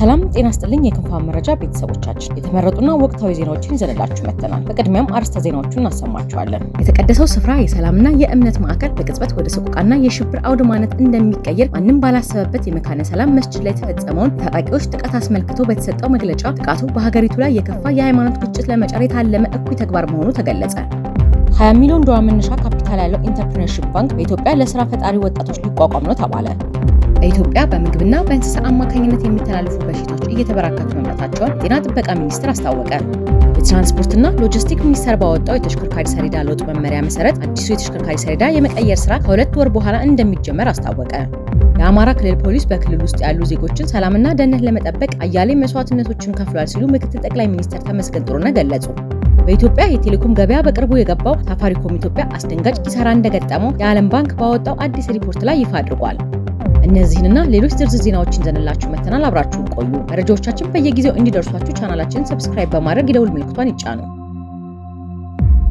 ሰላም ጤና ስጥልኝ። የክንፋን መረጃ ቤተሰቦቻችን የተመረጡና ወቅታዊ ዜናዎችን ይዘንላችሁ መጥተናል። በቅድሚያም አርዕስተ ዜናዎቹን እናሰማችኋለን። የተቀደሰው ስፍራ የሰላምና የእምነት ማዕከል በቅጽበት ወደ ሰቆቃና የሽብር አውድማነት እንደሚቀየር ማንም ባላሰበበት የመካነ ሰላም መስችድ ላይ የተፈጸመውን ታጣቂዎች ጥቃት አስመልክቶ በተሰጠው መግለጫ ጥቃቱ በሀገሪቱ ላይ የከፋ የሃይማኖት ግጭት ለመጫር የታለመ እኩይ ተግባር መሆኑ ተገለጸ። 20 ሚሊዮን ዶላር መነሻ ካፒታል ያለው ኢንተርፕሪነርሽፕ ባንክ በኢትዮጵያ ለስራ ፈጣሪ ወጣቶች ሊቋቋም ነው ተባለ። በኢትዮጵያ በምግብና በእንስሳ አማካኝነት የሚተላለፉ በሽታዎች እየተበራከቱ መምጣታቸውን ጤና ጥበቃ ሚኒስቴር አስታወቀ። የትራንስፖርትና ሎጂስቲክ ሚኒስቴር ባወጣው የተሽከርካሪ ሰሌዳ ለውጥ መመሪያ መሰረት አዲሱ የተሽከርካሪ ሰሌዳ የመቀየር ስራ ከሁለት ወር በኋላ እንደሚጀመር አስታወቀ። የአማራ ክልል ፖሊስ በክልል ውስጥ ያሉ ዜጎችን ሰላምና ደህንነት ለመጠበቅ አያሌ መስዋዕትነቶችን ከፍሏል ሲሉ ምክትል ጠቅላይ ሚኒስትር ተመስገን ጥሩነህ ገለጹ። በኢትዮጵያ የቴሌኮም ገበያ በቅርቡ የገባው ሳፋሪኮም ኢትዮጵያ አስደንጋጭ ኪሳራ እንደገጠመው የዓለም ባንክ ባወጣው አዲስ ሪፖርት ላይ ይፋ አድርጓል። እነዚህንና ሌሎች ዝርዝር ዜናዎችን ዘንላችሁ መተናል። አብራችሁን ቆዩ። መረጃዎቻችን በየጊዜው እንዲደርሷችሁ ቻናላችንን ሰብስክራይብ በማድረግ የደውል ምልክቷን ይጫኑ።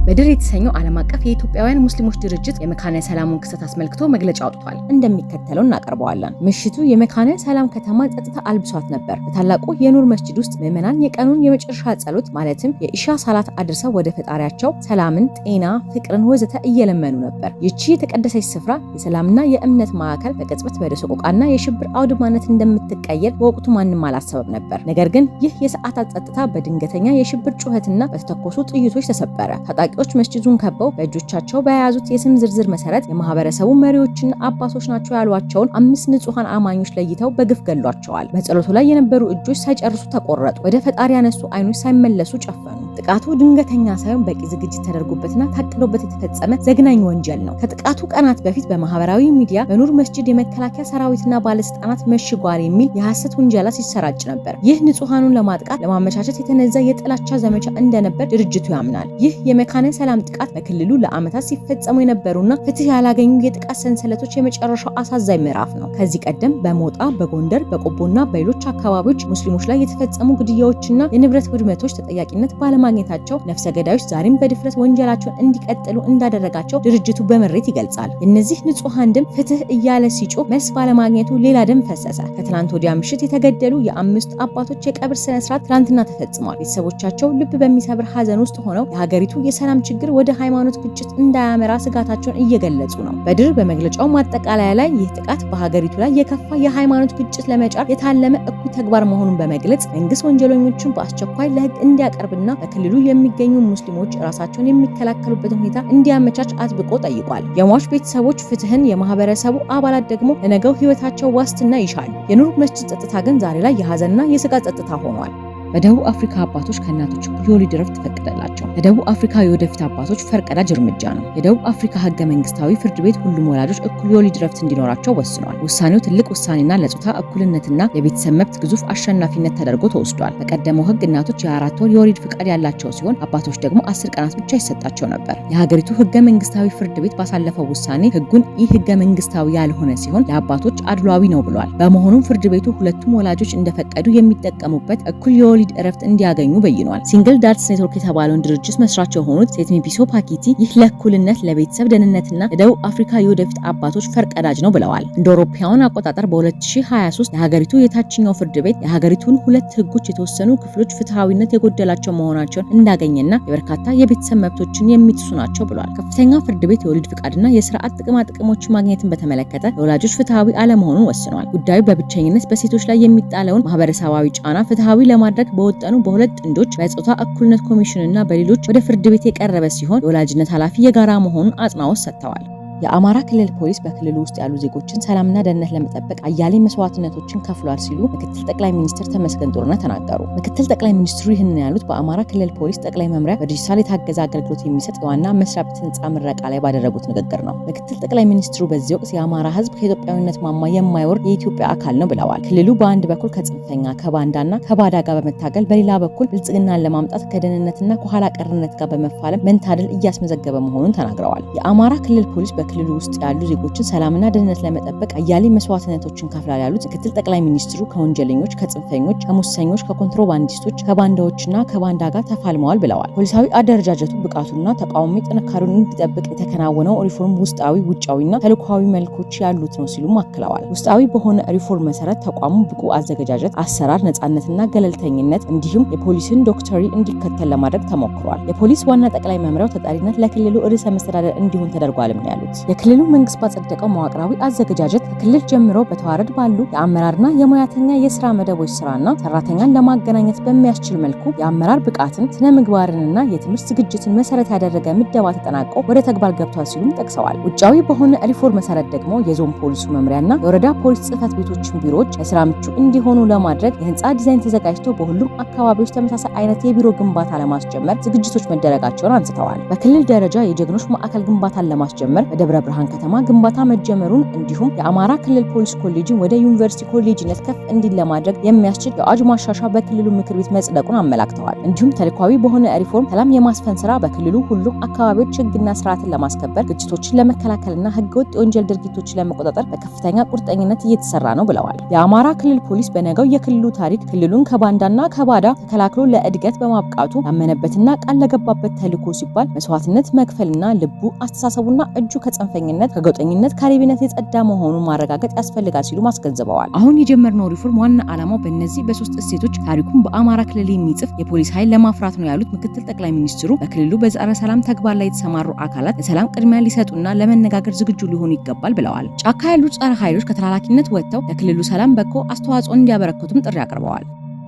በድር የተሰኘው ዓለም አቀፍ የኢትዮጵያውያን ሙስሊሞች ድርጅት የመካነ ሰላሙን ክስተት አስመልክቶ መግለጫ አውጥቷል። እንደሚከተለው እናቀርበዋለን። ምሽቱ የመካነ ሰላም ከተማ ጸጥታ አልብሷት ነበር። በታላቁ የኑር መስጂድ ውስጥ ምዕመናን የቀኑን የመጨረሻ ጸሎት ማለትም የኢሻ ሰላት አድርሰው ወደ ፈጣሪያቸው ሰላምን፣ ጤና፣ ፍቅርን ወዘተ እየለመኑ ነበር። ይቺ የተቀደሰች ስፍራ የሰላምና የእምነት ማዕከል በቅጽበት ወደ ሰቆቃና የሽብር አውድማነት እንደምትቀየር በወቅቱ ማንም አላሰበም ነበር። ነገር ግን ይህ የሰዓታት ጸጥታ በድንገተኛ የሽብር ጩኸትና በተተኮሱ ጥይቶች ተሰበረ። ታጣቂ ታጣቂዎች መስጂዱን ከበው በእጆቻቸው በያዙት የስም ዝርዝር መሰረት የማህበረሰቡ መሪዎችን አባቶች ናቸው ያሏቸውን አምስት ንጹሐን አማኞች ለይተው በግፍ ገሏቸዋል። በጸሎቱ ላይ የነበሩ እጆች ሳይጨርሱ ተቆረጡ። ወደ ፈጣሪ ያነሱ አይኖች ሳይመለሱ ጨፈኑ። ጥቃቱ ድንገተኛ ሳይሆን በቂ ዝግጅት ተደርጎበትና ታቅዶበት የተፈጸመ ዘግናኝ ወንጀል ነው። ከጥቃቱ ቀናት በፊት በማህበራዊ ሚዲያ በኑር መስጅድ የመከላከያ ሰራዊትና ባለስልጣናት መሽጓል የሚል የሐሰት ውንጀላ ሲሰራጭ ነበር። ይህ ንጹሐኑን ለማጥቃት ለማመቻቸት የተነዛ የጥላቻ ዘመቻ እንደነበር ድርጅቱ ያምናል። ይህ የመካነ ሰላም ጥቃት በክልሉ ለዓመታት ሲፈጸሙ የነበሩና ፍትህ ያላገኙ የጥቃት ሰንሰለቶች የመጨረሻው አሳዛኝ ምዕራፍ ነው። ከዚህ ቀደም በሞጣ በጎንደር በቆቦና በሌሎች አካባቢዎች ሙስሊሞች ላይ የተፈጸሙ ግድያዎችና የንብረት ውድመቶች ተጠያቂነት ባለማ ማግኘታቸው ነፍሰ ገዳዮች ዛሬም በድፍረት ወንጀላቸውን እንዲቀጥሉ እንዳደረጋቸው ድርጅቱ በምሬት ይገልጻል። የእነዚህ ንጹሐን ደም ፍትህ እያለ ሲጮ መልስ ባለማግኘቱ ሌላ ደም ፈሰሰ። ከትላንት ወዲያ ምሽት የተገደሉ የአምስቱ አባቶች የቀብር ስነ ስርዓት ትላንትና ተፈጽሟል። ቤተሰቦቻቸው ልብ በሚሰብር ሀዘን ውስጥ ሆነው የሀገሪቱ የሰላም ችግር ወደ ሃይማኖት ግጭት እንዳያመራ ስጋታቸውን እየገለጹ ነው። በድር በመግለጫው ማጠቃለያ ላይ ይህ ጥቃት በሀገሪቱ ላይ የከፋ የሃይማኖት ግጭት ለመጫር የታለመ እኩይ ተግባር መሆኑን በመግለጽ መንግስት ወንጀለኞችን በአስቸኳይ ለህግ እንዲያቀርብና በክልሉ የሚገኙ ሙስሊሞች ራሳቸውን የሚከላከሉበትን ሁኔታ እንዲያመቻች አጥብቆ ጠይቋል። የሟች ቤተሰቦች ፍትህን፣ የማህበረሰቡ አባላት ደግሞ ለነገው ህይወታቸው ዋስትና ይሻሉ። የኑር መስጂድ ጸጥታ ግን ዛሬ ላይ የሀዘንና የስጋት ጸጥታ ሆኗል። በደቡብ አፍሪካ አባቶች ከእናቶች እኩል የወሊድ ረፍት ተፈቀደላቸው። በደቡብ አፍሪካ የወደፊት አባቶች ፈርቀዳጅ እርምጃ ነው። የደቡብ አፍሪካ ህገ መንግስታዊ ፍርድ ቤት ሁሉም ወላጆች እኩል የወሊድ ረፍት እንዲኖራቸው ወስኗል። ውሳኔው ትልቅ ውሳኔና ለጾታ እኩልነትና የቤተሰብ መብት ግዙፍ አሸናፊነት ተደርጎ ተወስዷል። በቀደመው ህግ እናቶች የአራት ወር የወሊድ ፍቃድ ያላቸው ሲሆን አባቶች ደግሞ አስር ቀናት ብቻ ይሰጣቸው ነበር። የሀገሪቱ ህገ መንግስታዊ ፍርድ ቤት ባሳለፈው ውሳኔ ህጉን ይህ ህገ መንግስታዊ ያልሆነ ሲሆን ለአባቶች አድሏዊ ነው ብሏል። በመሆኑም ፍርድ ቤቱ ሁለቱም ወላጆች እንደፈቀዱ የሚጠቀሙበት እኩል የወሊድ እረፍት እንዲያገኙ በይኗል። ሲንግል ዳድስ ኔትወርክ የተባለውን ድርጅት መስራች የሆኑት ሴት ሚቢሶ ፓኪቲ ይህ ለእኩልነት ለቤተሰብ ደህንነትና ለደቡብ አፍሪካ የወደፊት አባቶች ፈርቀዳጅ ነው ብለዋል። እንደ አውሮፓውያን አቆጣጠር በ2023 የሀገሪቱ የታችኛው ፍርድ ቤት የሀገሪቱን ሁለት ህጎች የተወሰኑ ክፍሎች ፍትሐዊነት የጎደላቸው መሆናቸውን እንዳገኘና የበርካታ የቤተሰብ መብቶችን የሚጥሱ ናቸው ብሏል። ከፍተኛ ፍርድ ቤት የወሊድ ፍቃድና የስርዓት ጥቅማ ጥቅሞችን ማግኘትን በተመለከተ ለወላጆች ፍትሐዊ አለመሆኑን ወስኗል። ጉዳዩ በብቸኝነት በሴቶች ላይ የሚጣለውን ማህበረሰባዊ ጫና ፍትሐዊ ለማድረግ መሰረት በወጠኑ በሁለት ጥንዶች በጾታ እኩልነት ኮሚሽንና በሌሎች ወደ ፍርድ ቤት የቀረበ ሲሆን የወላጅነት ኃላፊ የጋራ መሆኑን አጽንኦት ሰጥተዋል። የአማራ ክልል ፖሊስ በክልሉ ውስጥ ያሉ ዜጎችን ሰላምና ደህንነት ለመጠበቅ አያሌ መስዋዕትነቶችን ከፍሏል ሲሉ ምክትል ጠቅላይ ሚኒስትር ተመስገን ጥሩነህ ተናገሩ። ምክትል ጠቅላይ ሚኒስትሩ ይህንን ያሉት በአማራ ክልል ፖሊስ ጠቅላይ መምሪያ በዲጂታል የታገዘ አገልግሎት የሚሰጥ የዋና መስሪያ ቤት ህንፃ ምረቃ ላይ ባደረጉት ንግግር ነው። ምክትል ጠቅላይ ሚኒስትሩ በዚህ ወቅት የአማራ ህዝብ ከኢትዮጵያዊነት ማማ የማይወርድ የኢትዮጵያ አካል ነው ብለዋል። ክልሉ በአንድ በኩል ከጽንፈኛ ከባንዳና ከባዳ ጋር በመታገል በሌላ በኩል ብልጽግናን ለማምጣት ከደህንነትና ከኋላ ቀርነት ጋር በመፋለም መንታደል እያስመዘገበ መሆኑን ተናግረዋል። የአማራ ክልል ፖሊስ ክልሉ ውስጥ ያሉ ዜጎችን ሰላምና ደህንነት ለመጠበቅ አያሌ መስዋዕትነቶችን ከፍላል ያሉት ምክትል ጠቅላይ ሚኒስትሩ ከወንጀለኞች፣ ከጽንፈኞች፣ ከሙሰኞች፣ ከኮንትሮባንዲስቶች፣ ከባንዳዎችና ከባንዳ ጋር ተፋልመዋል ብለዋል። ፖሊሳዊ አደረጃጀቱ ብቃቱና ተቃዋሚ ጥንካሬውን እንዲጠብቅ የተከናወነው ሪፎርም ውስጣዊ፣ ውጫዊና ተልኳዊ መልኮች ያሉት ነው ሲሉም አክለዋል። ውስጣዊ በሆነ ሪፎርም መሰረት ተቋሙ ብቁ አዘገጃጀት፣ አሰራር ነጻነትና ገለልተኝነት እንዲሁም የፖሊስን ዶክተሪ እንዲከተል ለማድረግ ተሞክሯል። የፖሊስ ዋና ጠቅላይ መምሪያው ተጠሪነት ለክልሉ ርዕሰ መስተዳደር እንዲሆን ተደርጓልም ያሉት የክልሉ መንግስት ባጸደቀው መዋቅራዊ አዘገጃጀት ከክልል ጀምሮ በተዋረድ ባሉ የአመራርና የሙያተኛ የስራ መደቦች ስራና ሰራተኛን ለማገናኘት በሚያስችል መልኩ የአመራር ብቃትን፣ ስነ ምግባርንና የትምህርት ዝግጅትን መሰረት ያደረገ ምደባ ተጠናቆ ወደ ተግባር ገብቷል ሲሉም ጠቅሰዋል። ውጫዊ በሆነ ሪፎርም መሰረት ደግሞ የዞን ፖሊሱ መምሪያና የወረዳ ፖሊስ ጽህፈት ቤቶችን ቢሮዎች ለስራ ምቹ እንዲሆኑ ለማድረግ የህንፃ ዲዛይን ተዘጋጅቶ በሁሉም አካባቢዎች ተመሳሳይ አይነት የቢሮ ግንባታ ለማስጀመር ዝግጅቶች መደረጋቸውን አንስተዋል። በክልል ደረጃ የጀግኖች ማዕከል ግንባታን ለማስጀመር የደብረ ብርሃን ከተማ ግንባታ መጀመሩን እንዲሁም የአማራ ክልል ፖሊስ ኮሌጅን ወደ ዩኒቨርሲቲ ኮሌጅነት ከፍ እንዲል ለማድረግ የሚያስችል የአዋጅ ማሻሻ በክልሉ ምክር ቤት መጽደቁን አመላክተዋል። እንዲሁም ተልኳዊ በሆነ ሪፎርም ሰላም የማስፈን ስራ በክልሉ ሁሉም አካባቢዎች ህግና ስርዓትን ለማስከበር ግጭቶችን ለመከላከልና ህገወጥ የወንጀል ድርጊቶችን ለመቆጣጠር በከፍተኛ ቁርጠኝነት እየተሰራ ነው ብለዋል። የአማራ ክልል ፖሊስ በነገው የክልሉ ታሪክ ክልሉን ከባንዳና ከባዳ ተከላክሎ ለእድገት በማብቃቱ ያመነበትና ቃል ለገባበት ተልኮ ሲባል መስዋዕትነት መክፈልና ልቡ አስተሳሰቡና እጁ ከጽንፈኝነት፣ ከጎጠኝነት፣ ከሌብነት የጸዳ መሆኑን ማረጋገጥ ያስፈልጋል ሲሉ አስገንዝበዋል። አሁን የጀመርነው ሪፎርም ዋና ዓላማው በእነዚህ በሶስት እሴቶች ታሪኩን በአማራ ክልል የሚጽፍ የፖሊስ ኃይል ለማፍራት ነው ያሉት ምክትል ጠቅላይ ሚኒስትሩ በክልሉ በጸረ ሰላም ተግባር ላይ የተሰማሩ አካላት ለሰላም ቅድሚያ ሊሰጡና ለመነጋገር ዝግጁ ሊሆኑ ይገባል ብለዋል። ጫካ ያሉ ጸረ ኃይሎች ከተላላኪነት ወጥተው ለክልሉ ሰላም በጎ አስተዋጽኦ እንዲያበረክቱም ጥሪ አቅርበዋል።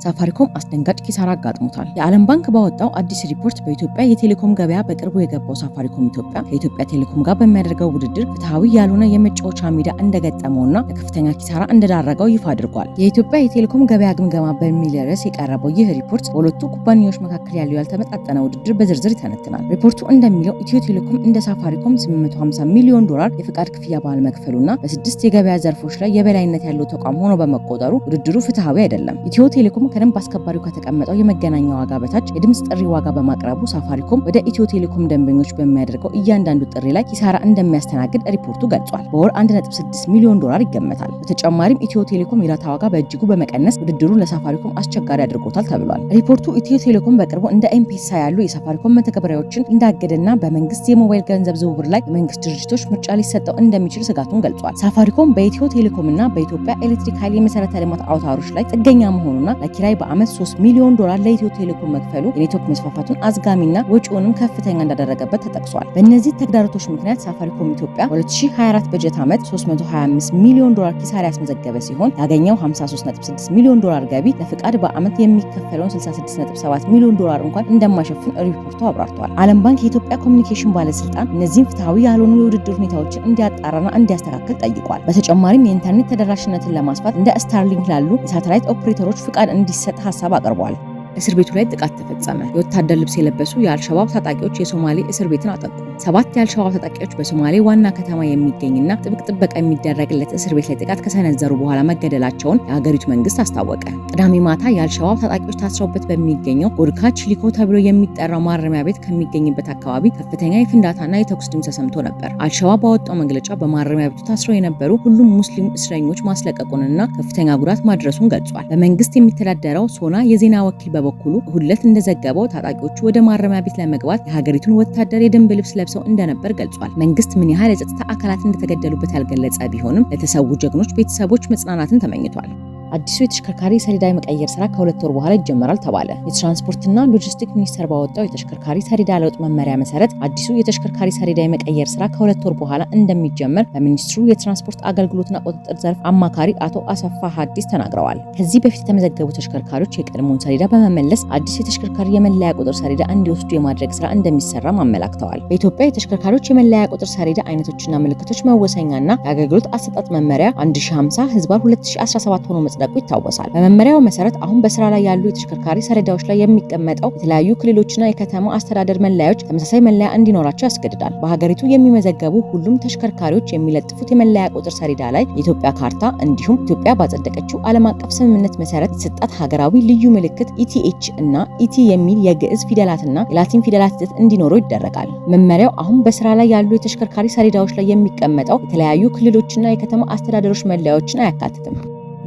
ሳፋሪኮም አስደንጋጭ ኪሳራ አጋጥሞታል። የዓለም ባንክ ባወጣው አዲስ ሪፖርት በኢትዮጵያ የቴሌኮም ገበያ በቅርቡ የገባው ሳፋሪኮም ኢትዮጵያ ከኢትዮጵያ ቴሌኮም ጋር በሚያደርገው ውድድር ፍትሐዊ ያልሆነ የመጫወቻ ሜዳ እንደገጠመውና ለከፍተኛ ኪሳራ እንደዳረገው ይፋ አድርጓል። የኢትዮጵያ የቴሌኮም ገበያ ግምገማ በሚል ርዕስ የቀረበው ይህ ሪፖርት በሁለቱ ኩባንያዎች መካከል ያለው ያልተመጣጠነ ውድድር በዝርዝር ይተነትናል። ሪፖርቱ እንደሚለው ኢትዮ ቴሌኮም እንደ ሳፋሪኮም 850 ሚሊዮን ዶላር የፍቃድ ክፍያ መክፈሉና በስድስት የገበያ ዘርፎች ላይ የበላይነት ያለው ተቋም ሆኖ በመቆጠሩ ውድድሩ ፍትሐዊ አይደለም። ኢትዮ ቴሌኮም ከደንብ አስከባሪው ከተቀመጠው የመገናኛ ዋጋ በታች የድምፅ ጥሪ ዋጋ በማቅረቡ ሳፋሪኮም ወደ ኢትዮ ቴሌኮም ደንበኞች በሚያደርገው እያንዳንዱ ጥሪ ላይ ኪሳራ እንደሚያስተናግድ ሪፖርቱ ገልጿል። በወር 1.6 ሚሊዮን ዶላር ይገመታል። በተጨማሪም ኢትዮ ቴሌኮም የዳታ ዋጋ በእጅጉ በመቀነስ ውድድሩን ለሳፋሪኮም አስቸጋሪ አድርጎታል ተብሏል። ሪፖርቱ ኢትዮ ቴሌኮም በቅርቡ እንደ ኤምፔሳ ያሉ የሳፋሪኮም መተግበሪያዎችን እንዳገደና በመንግስት የሞባይል ገንዘብ ዝውውር ላይ የመንግስት ድርጅቶች ምርጫ ሊሰጠው እንደሚችል ስጋቱን ገልጿል። ሳፋሪኮም በኢትዮ ቴሌኮም በኢትዮጵያ ኤሌክትሪክ ኃይል የመሰረተ ልማት አውታሮች ላይ ጥገኛ መሆኑና ኪራይ በዓመት 3 ሚሊዮን ዶላር ለኢትዮ ቴሌኮም መክፈሉ የኔትወርክ መስፋፋቱን አዝጋሚና ወጪውንም ከፍተኛ እንዳደረገበት ተጠቅሷል። በእነዚህ ተግዳሮቶች ምክንያት ሳፋሪኮም ኢትዮጵያ 2024 በጀት ዓመት 325 ሚሊዮን ዶላር ኪሳራ ያስመዘገበ ሲሆን ያገኘው 536 ሚሊዮን ዶላር ገቢ ለፍቃድ በዓመት የሚከፈለውን 667 ሚሊዮን ዶላር እንኳን እንደማይሸፍን ሪፖርቱ አብራርተዋል። ዓለም ባንክ የኢትዮጵያ ኮሚኒኬሽን ባለስልጣን እነዚህም ፍትሐዊ ያልሆኑ የውድድር ሁኔታዎችን እንዲያጣራና እንዲያስተካክል ጠይቋል። በተጨማሪም የኢንተርኔት ተደራሽነትን ለማስፋት እንደ ስታርሊንክ ላሉ የሳተላይት ኦፕሬተሮች ፍቃድ እንዲ እንዲሰጥ ሀሳብ አቅርቧል። እስር ቤቱ ላይ ጥቃት ተፈጸመ። የወታደር ልብስ የለበሱ የአልሸባብ ታጣቂዎች የሶማሌ እስር ቤትን አጠቁ። ሰባት የአልሸባብ ታጣቂዎች በሶማሌ ዋና ከተማ የሚገኝና ጥብቅ ጥበቃ የሚደረግለት እስር ቤት ላይ ጥቃት ከሰነዘሩ በኋላ መገደላቸውን የሀገሪቱ መንግስት አስታወቀ። ቅዳሜ ማታ የአልሸባብ ታጣቂዎች ታስረውበት በሚገኘው ጎድካ ቺሊኮ ተብሎ የሚጠራው ማረሚያ ቤት ከሚገኝበት አካባቢ ከፍተኛ የፍንዳታና የተኩስ ድምፅ ተሰምቶ ነበር። አልሸባብ ባወጣው መግለጫ በማረሚያ ቤቱ ታስረው የነበሩ ሁሉም ሙስሊም እስረኞች ማስለቀቁንና ከፍተኛ ጉዳት ማድረሱን ገልጿል። በመንግስት የሚተዳደረው ሶና የዜና ወኪል በበኩሉ ሁለት እንደዘገበው ታጣቂዎቹ ወደ ማረሚያ ቤት ለመግባት የሀገሪቱን ወታደር የደንብ ልብስ ለብሰው እንደነበር ገልጿል። መንግስት ምን ያህል የጸጥታ አካላት እንደተገደሉበት ያልገለጸ ቢሆንም ለተሰዉ ጀግኖች ቤተሰቦች መጽናናትን ተመኝቷል። አዲሱ የተሽከርካሪ ሰሌዳ የመቀየር ስራ ከሁለት ወር በኋላ ይጀመራል ተባለ። የትራንስፖርትና ሎጂስቲክ ሚኒስቴር ባወጣው የተሽከርካሪ ሰሌዳ ለውጥ መመሪያ መሰረት አዲሱ የተሽከርካሪ ሰሌዳ የመቀየር ስራ ከሁለት ወር በኋላ እንደሚጀመር በሚኒስትሩ የትራንስፖርት አገልግሎትና ቁጥጥር ዘርፍ አማካሪ አቶ አሰፋ ሀዲስ ተናግረዋል። ከዚህ በፊት የተመዘገቡ ተሽከርካሪዎች የቀድሞውን ሰሌዳ በመመለስ አዲሱ የተሽከርካሪ የመለያ ቁጥር ሰሌዳ እንዲወስዱ የማድረግ ስራ እንደሚሰራም አመላክተዋል። በኢትዮጵያ የተሽከርካሪዎች የመለያ ቁጥር ሰሌዳ አይነቶችና ምልክቶች መወሰኛና የአገልግሎት አሰጣጥ መመሪያ 1050 ህዝባር 2017 ሆኖ መጽ ማጽደቁ ይታወሳል። በመመሪያው መሰረት አሁን በስራ ላይ ያሉ የተሽከርካሪ ሰሌዳዎች ላይ የሚቀመጠው የተለያዩ ክልሎችና የከተማ አስተዳደር መለያዎች ተመሳሳይ መለያ እንዲኖራቸው ያስገድዳል። በሀገሪቱ የሚመዘገቡ ሁሉም ተሽከርካሪዎች የሚለጥፉት የመለያ ቁጥር ሰሌዳ ላይ የኢትዮጵያ ካርታ እንዲሁም ኢትዮጵያ ባጸደቀችው ዓለም አቀፍ ስምምነት መሰረት የተሰጣት ሀገራዊ ልዩ ምልክት ኢቲኤች እና ኢቲ የሚል የግዕዝ ፊደላትና የላቲን ፊደላት ይዘት እንዲኖረው ይደረጋል። መመሪያው አሁን በስራ ላይ ያሉ የተሽከርካሪ ሰሌዳዎች ላይ የሚቀመጠው የተለያዩ ክልሎችና የከተማ አስተዳደሮች መለያዎችን አያካትትም።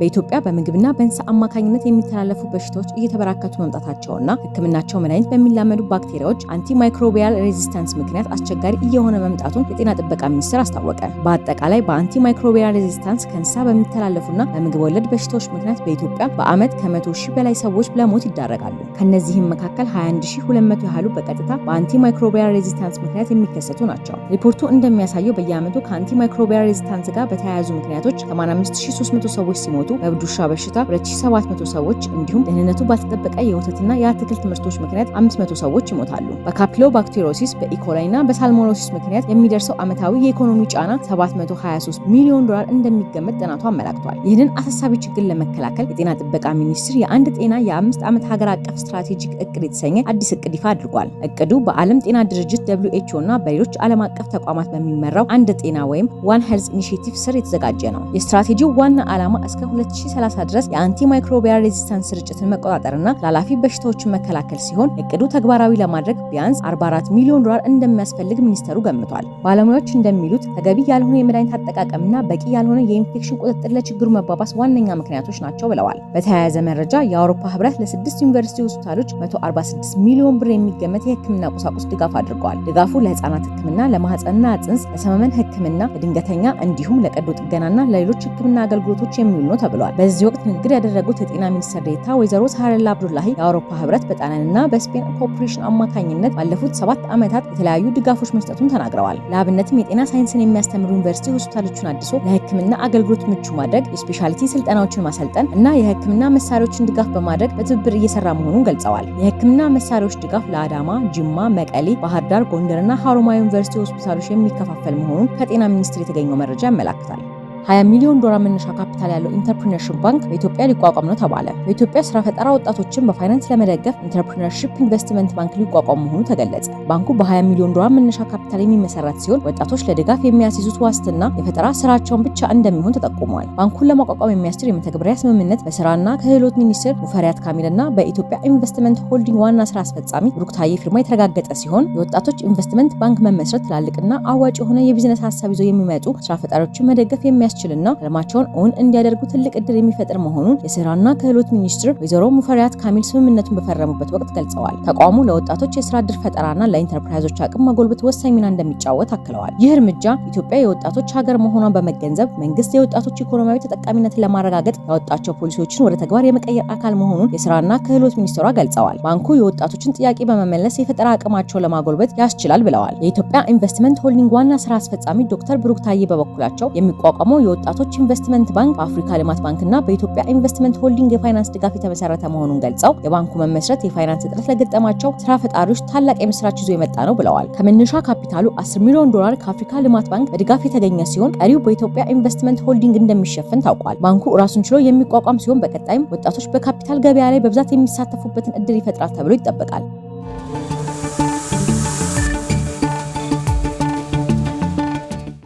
በኢትዮጵያ በምግብና በእንስሳ አማካኝነት የሚተላለፉ በሽታዎች እየተበራከቱ መምጣታቸውና ሕክምናቸው መድኃኒት በሚላመዱ ባክቴሪያዎች አንቲማይክሮቢያል ሬዚስታንስ ምክንያት አስቸጋሪ እየሆነ መምጣቱን የጤና ጥበቃ ሚኒስቴር አስታወቀ። በአጠቃላይ በአንቲማይክሮቢያል ሬዚስታንስ ከእንስሳ በሚተላለፉና በምግብ ወለድ በሽታዎች ምክንያት በኢትዮጵያ በዓመት ከመቶ ሺህ በላይ ሰዎች ለሞት ይዳረጋሉ። ከእነዚህም መካከል 21200 ያህሉ በቀጥታ በአንቲማይክሮቢያል ሬዚስታንስ ምክንያት የሚከሰቱ ናቸው። ሪፖርቱ እንደሚያሳየው በየዓመቱ ከአንቲማይክሮቢያል ሬዚስታንስ ጋር በተያያዙ ምክንያቶች 85300 ሰዎች ሲሞ በሞቱ በእብድ ውሻ በሽታ 2700 ሰዎች እንዲሁም ደህንነቱ ባልተጠበቀ የወተትና የአትክልት ምርቶች ምክንያት 500 ሰዎች ይሞታሉ። በካፒሎ ባክቴሮሲስ በኢኮላይ በሳልሞኖሲስ ምክንያት የሚደርሰው ዓመታዊ የኢኮኖሚ ጫና 723 ሚሊዮን ዶላር እንደሚገመት ጥናቱ አመላክቷል። ይህንን አሳሳቢ ችግር ለመከላከል የጤና ጥበቃ ሚኒስቴር የአንድ ጤና የአምስት ዓመት ሀገር አቀፍ ስትራቴጂክ እቅድ የተሰኘ አዲስ እቅድ ይፋ አድርጓል። እቅዱ በዓለም ጤና ድርጅት ደብሊው ኤች ኦ እና በሌሎች ዓለም አቀፍ ተቋማት በሚመራው አንድ ጤና ወይም ዋን ሄልዝ ኢኒሽቲቭ ስር የተዘጋጀ ነው። የስትራቴጂው ዋና ዓላማ እስከ 2030 ድረስ የአንቲ ማይክሮቢያል ሬዚስታንስ ስርጭትን መቆጣጠርና ላላፊ በሽታዎችን መከላከል ሲሆን እቅዱ ተግባራዊ ለማድረግ ቢያንስ 44 ሚሊዮን ዶላር እንደሚያስፈልግ ሚኒስተሩ ገምቷል። ባለሙያዎች እንደሚሉት ተገቢ ያልሆነ የመድኃኒት አጠቃቀምና በቂ ያልሆነ የኢንፌክሽን ቁጥጥር ለችግሩ መባባስ ዋነኛ ምክንያቶች ናቸው ብለዋል። በተያያዘ መረጃ የአውሮፓ ህብረት ለስድስት ዩኒቨርሲቲ ሆስፒታሎች 146 ሚሊዮን ብር የሚገመት የህክምና ቁሳቁስ ድጋፍ አድርገዋል። ድጋፉ ለህጻናት ህክምና፣ ለማህፀንና ጽንስ፣ ለሰመመን ህክምና፣ ለድንገተኛ እንዲሁም ለቀዶ ጥገናና ለሌሎች ህክምና አገልግሎቶች የሚውል ነው ተብሏል። በዚህ ወቅት ንግግር ያደረጉት የጤና ሚኒስትር ዴታ ወይዘሮ ሳረላ አብዱላሂ የአውሮፓ ህብረት በጣናንና በስፔን ኮርፖሬሽን አማካኝነት ባለፉት ሰባት ዓመታት የተለያዩ ድጋፎች መስጠቱን ተናግረዋል። ለአብነትም የጤና ሳይንስን የሚያስተምሩ ዩኒቨርሲቲ ሆስፒታሎችን አድሶ ለህክምና አገልግሎት ምቹ ማድረግ፣ የስፔሻሊቲ ስልጠናዎችን ማሰልጠን እና የህክምና መሳሪያዎችን ድጋፍ በማድረግ በትብብር እየሰራ መሆኑን ገልጸዋል። የህክምና መሳሪያዎች ድጋፍ ለአዳማ፣ ጅማ፣ መቀሌ፣ ባህር ዳር፣ ጎንደርና ሀሮማያ ዩኒቨርሲቲ ሆስፒታሎች የሚከፋፈል መሆኑን ከጤና ሚኒስቴር የተገኘው መረጃ ያመላክታል። 20 ሚሊዮን ዶላር መነሻ ካፒታል ያለው ኢንተርፕሪነርሽፕ ባንክ በኢትዮጵያ ሊቋቋም ነው ተባለ። በኢትዮጵያ ስራ ፈጠራ ወጣቶችን በፋይናንስ ለመደገፍ ኢንተርፕሪነርሽፕ ኢንቨስትመንት ባንክ ሊቋቋም መሆኑ ተገለጸ። ባንኩ በ20 ሚሊዮን ዶላር መነሻ ካፒታል የሚመሰረት ሲሆን ወጣቶች ለድጋፍ የሚያስይዙት ዋስትና የፈጠራ ስራቸውን ብቻ እንደሚሆን ተጠቁሟል። ባንኩን ለማቋቋም የሚያስችል የመተግበሪያ ስምምነት በስራና ክህሎት ሚኒስትር ሙፈሪያት ካሚል እና በኢትዮጵያ ኢንቨስትመንት ሆልዲንግ ዋና ስራ አስፈጻሚ ሩክታዬ ፊርማ የተረጋገጠ ሲሆን የወጣቶች ኢንቨስትመንት ባንክ መመስረት ትላልቅና አዋጭ የሆነ የቢዝነስ ሀሳብ ይዘው የሚመጡ ስራ ፈጣሪዎችን መደገፍ የሚያስ የሚያስችልና ህልማቸውን እውን እንዲያደርጉ ትልቅ እድል የሚፈጥር መሆኑን የስራና ክህሎት ሚኒስትር ወይዘሮ ሙፈሪያት ካሚል ስምምነቱን በፈረሙበት ወቅት ገልጸዋል። ተቋሙ ለወጣቶች የስራ እድል ፈጠራና ለኢንተርፕራይዞች አቅም መጎልበት ወሳኝ ሚና እንደሚጫወት አክለዋል። ይህ እርምጃ ኢትዮጵያ የወጣቶች ሀገር መሆኗን በመገንዘብ መንግስት የወጣቶች ኢኮኖሚያዊ ተጠቃሚነትን ለማረጋገጥ ያወጣቸው ፖሊሲዎችን ወደ ተግባር የመቀየር አካል መሆኑን የስራና ክህሎት ሚኒስትሯ ገልጸዋል። ባንኩ የወጣቶችን ጥያቄ በመመለስ የፈጠራ አቅማቸውን ለማጎልበት ያስችላል ብለዋል። የኢትዮጵያ ኢንቨስትመንት ሆልዲንግ ዋና ስራ አስፈጻሚ ዶክተር ብሩክ ታዬ በበኩላቸው የሚቋቋመው የወጣቶች ኢንቨስትመንት ባንክ በአፍሪካ ልማት ባንክና በኢትዮጵያ ኢንቨስትመንት ሆልዲንግ የፋይናንስ ድጋፍ የተመሰረተ መሆኑን ገልጸው የባንኩ መመስረት የፋይናንስ እጥረት ለገጠማቸው ስራ ፈጣሪዎች ታላቅ የምስራች ይዞ የመጣ ነው ብለዋል። ከመነሻ ካፒታሉ 10 ሚሊዮን ዶላር ከአፍሪካ ልማት ባንክ በድጋፍ የተገኘ ሲሆን ቀሪው በኢትዮጵያ ኢንቨስትመንት ሆልዲንግ እንደሚሸፍን ታውቋል። ባንኩ ራሱን ችሎ የሚቋቋም ሲሆን በቀጣይም ወጣቶች በካፒታል ገበያ ላይ በብዛት የሚሳተፉበትን እድል ይፈጥራል ተብሎ ይጠበቃል።